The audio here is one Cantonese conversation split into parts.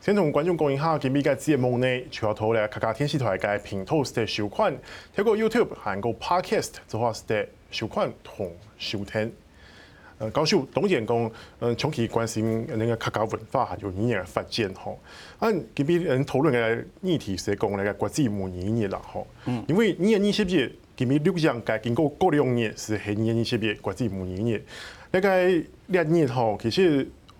先同觀眾講一下今日嘅節目內，除了頭論客家電視台嘅頻道式收看，透過 YouTube、韓國 Podcast 做是式收看同收聽。呃，教授董建講，呃、嗯，長期關心誒個客家文化下要點樣發展吼。咁、啊、今日討論嘅議題係講，咧、這個國際母語日啦，嗬、嗯。因為年年是不是今日六月間經過過兩年，是係年年是不是國際母語日？呢、這個兩年吼，其實。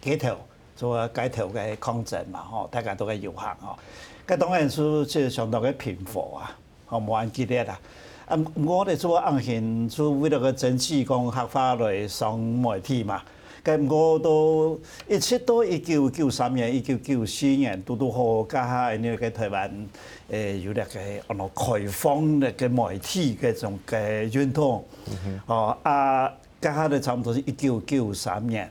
街頭做啊，街頭嘅抗爭嘛，嗬，大家都喺遊行哦，咁當然係即係相當嘅平和啊，哦冇咁激烈啊。啊，我哋做安慶做為咗個爭取講合法嚟送媒體嘛，咁我都,都一直都一九九三年一九九四年度度好加下呢個台灣誒有啲個啊個開放嘅媒體嘅種嘅運動。哦、嗯、哼啊加下都差唔多係一九九三年。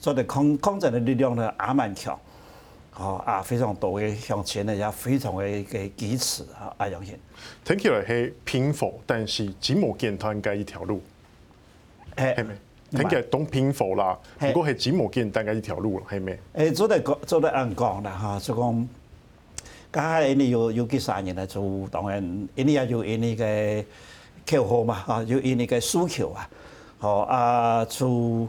做的抗抗戰的力量呢也蠻強，哦，也非常多嘅向前呢也非常的嘅支持啊，啊楊先聽起來係拼湊，但是幾無間，它應該一條路，係咪？聽起來都拼湊啦，如果係幾無間，大概一條路咯，係咪？誒，做得講，做得講啦，哈，就講，咁啊，一年有有幾三年咧，就當然，一年有一年嘅口號嘛，啊，有一年嘅訴求啊，好啊，就。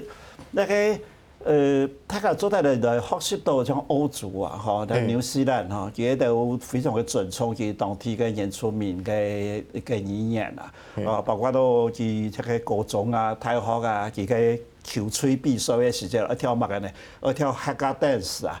嗰、那個，呃，睇下做的嘢，學習到像歐洲啊，哈，啲紐西蘭嚇、啊，佢都非常嘅尊重佢當地嘅原住民嘅一個語言啊，啊，對 包括都佢即係高中啊、大學啊，佢嘅巧嘴比賽嘅時間，一跳乜嘅一條跳 Haka dance 啊。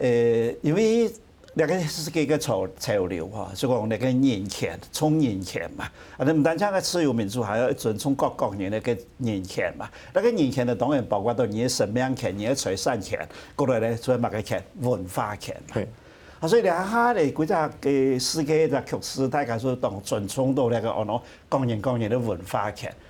誒，因為呢個是佢嘅潮潮流嚇，就講呢個人權，尊重人權嘛。啊，你唔單止個自由民主，還要尊重各國人嘅人權嘛。嗰、那個人權就當然包括到你嘅生命權、你嘅財產權，過來咧做乜嘅權文化權。係，啊，所以你下下咧嗰隻嘅世界嘅局勢，大家就當尊重到呢個我講講人講人嘅文化權。是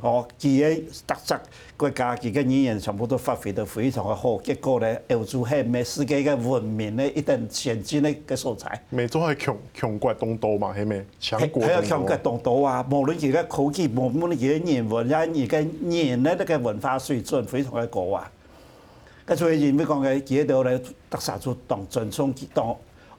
哦，佢喺、嗯、特色國家，佢嘅語言全部都發揮得非常嘅好，結果咧有出現咩世界嘅文明咧一定先進咧嘅素材。咪做係強強國當道嘛，係咪？強國當道啊！無論佢嘅科技，無論佢嘅人文，而家而家人咧嘅文化水準非常嘅高啊！咁所以人咪講嘅，佢哋我哋特色就當尊重當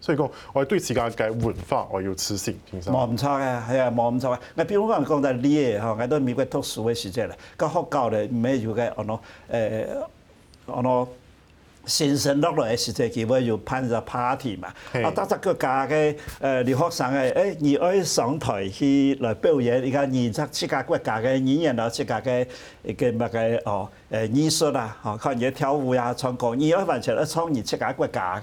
所以講，我對自家嘅文化我有自信，冇唔錯嘅，係啊冇唔錯嘅。嗱，比如講講啲嘢嗬，喺到美國讀書嘅時節咧，佢學校咧，每一個哦，誒、欸，誒、嗯，嗱新生入嚟嘅時節，佢會要辦隻 party 嘛。啊嘿，大家各家嘅誒留學生嘅誒而愛上台去來表演，而家演出自家國家嘅語言啊，自家嘅嘅乜嘅哦誒藝術啊，嚇，靠人哋跳舞啊，唱歌，而家完全係創自家國家。